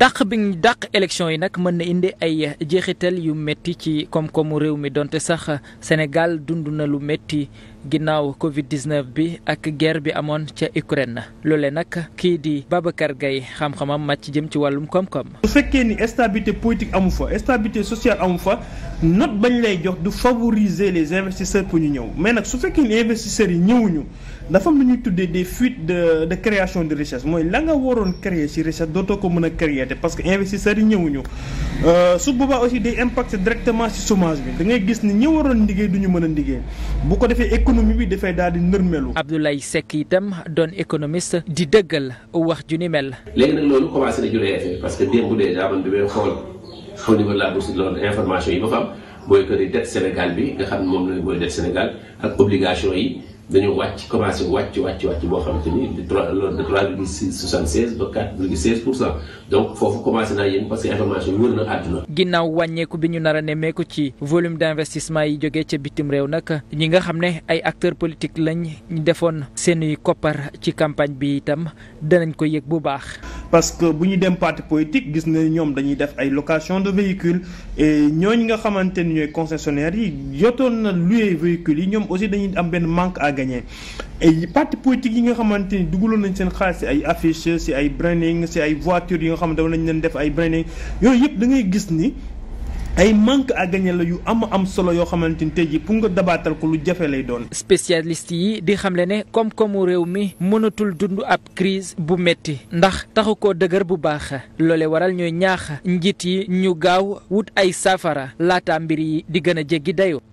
dàq bi ñu dàq élection yi nag mën na indi ay jeexital yu métti ci koom-koomu réew mi donte sax Sénégal dund na lu métti. ginnaaw Covid 19 bi ak ger bi amoon ca Ukraine loolee nag kii di Babacar Gaye xam-xamam ci jëm ci wàllum koom-koom. bu fekkee ni stabilité politique amu fa stabilité sociale amu fa note bañ lay jox du favoriser les investisseurs pour ñu ñëw mais nag su fekkee ni investisseurs yi ñëwuñu dafa am lu ñuy tuddee des fuites de de création de richesse mooy la nga waroon créer ci richesse dootoo ko mën a créer parce que investiser yi ñëwuñu. Euh, su boobaa aussi day impacté directement ci chômage bi da ngay gis ni ñi waroon liggéey du ñu mën a liggéey bu ko defee économie bi dafay daal di nërmelu. Abdoulaye Seck itam doon économiste di dëggal wax ju ni mel. léegi nag loolu commencé na juree effet parce que démb dèjà man bi may xool xaw ni ma si loolu information yi ma fa am mooy que Sénégal bi nga xam ne moom la mooy dette Sénégal ak obligation yi. dañoo wàcc commencé wàcc wàcc wàcc boo xamante ni trois de trois virgule soixante seize pour cent donc foofu commencé naa yéen parce information yi na àdduna. ginnaaw wàññeeku bi ñu nar a nemmeeku ci volume d' investissement yi jógee ca bitim réew nag ñi nga xam ne ay acteurs politiques lañ defoon seen i koppar ci campagne bi itam danañ ko yëg bu baax. parce que bu ñu dem parti politique gis na ñoom dañuy def ay location de véhicules et ñooñu nga xamante ni ñooy concessionnaires yi jotoon na louer véhicules yi ñoom aussi dañuy am benn manque à gagner parti politique yi nga xamante ni dugaloon nañ seen xaalis si ay affiches si ay branding si ay voitures yi nga xam ne dafa nañ leen def ay branding yooyu yépp dangay gis ni ay manque à gagner yu am am solo yoo xamante ni tey jii pour nga dabaatal ko lu jafe lay doon. spécialiste yi di xam ne koom-koomu réew mi mënatul dund ab crise bu metti ndax taxu ko dëgër bu baax loole waral ñooy ñaax njiit yi ñu gaaw wut ay saafara laata mbir yi di gën a jéggi dayoo.